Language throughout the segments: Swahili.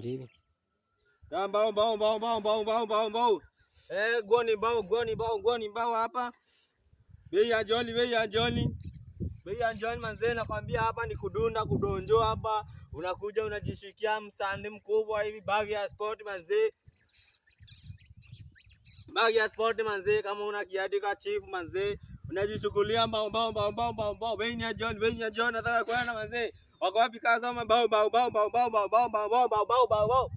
Mbao mbao mbao mbao mbao mbao mbao mbao. Eh, goni mbao goni mbao goni mbao hapa. Bei ya joli bei ya joli. Bei ya joli manzee nakwambia hapa ni kudunda kudonjo hapa. Unakuja unajishikia mstandi mkubwa hivi bagi ya sport manzee. Bagi ya sport manzee kama una kiadika chief manzee. Unajichukulia mbao mbao mbao mbao mbao. Bei ya joli bei ya joli nataka kwenda manzee. Wako wapi Kazama? Bao bao bao bao bao bao bao bao bao bao bao bao bao.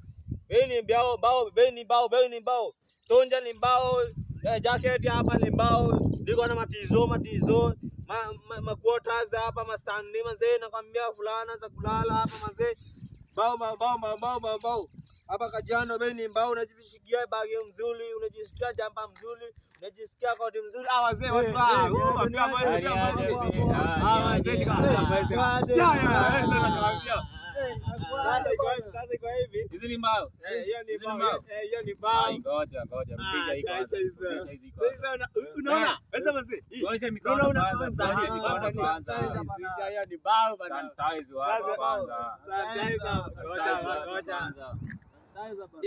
Beni bao bao beni bao beni bao. Tonja ni bao. Jacket hapa ni bao. liko na matizo matizo. Ma, ma, ma quarters hapa mastandi mazee nakwambia fulana za kulala hapa mazee. Bao bao bao bao bao bao. Hapa kajano beni bao unajivishikia bagi mzuri, unajisikia jamba mzuri, unajisikia mzuri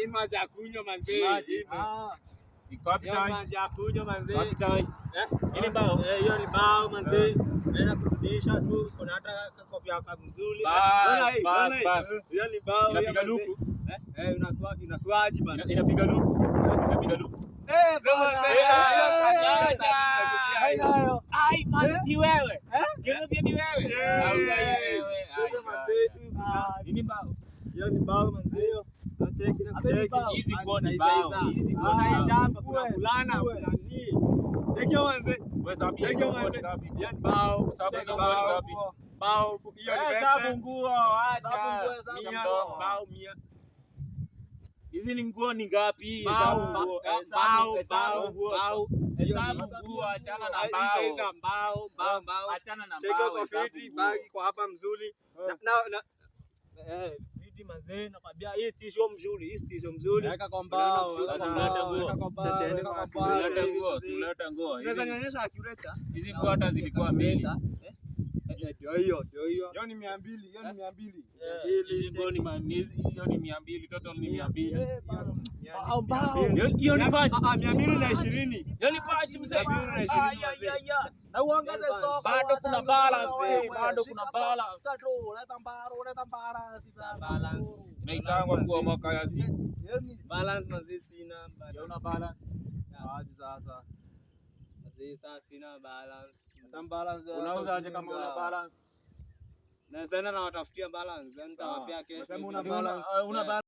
Ima cha kunywa manzee. Ni copy bao. Eh, hiyo ni bao manzi. Naenda tu. Kuna hata kopi ya Hiyo ni bao. Inapiga luku. inakuaje bana? Inapiga luku. Inapiga luku. Hiyo ni bao manzi hizi ni nguo ni ngapi? Achana na mbao, eh, eh, bagi kwa hapa mzuri eh miti mazee, nakwambia hii tisho mzuri, hii tisho mzuri. Weka kwa mbao, weka kwa mbao, nguo, leta nguo. Naweza nionyesha akureta. Ah? Hizi nguo hata zilikuwa meli. Ah? Eh? Eh, eh, ndio hiyo, ndio hiyo. Hiyo ni 200, hiyo ni 200. Hiyo ni 200, total ni 200 ambao hiyo ni patch ah, ah, mia mbili na ishirini hiyo ni patch mzee, na uongeze stock. Eh, bado kuna balance, bado kuna balance, unaleta mbaro, unaleta balance. Sasa balance inaitangwa kwa mwaka ya si balance mzee, sina una balance aje sasa sina balance. una balance? Eh, una balance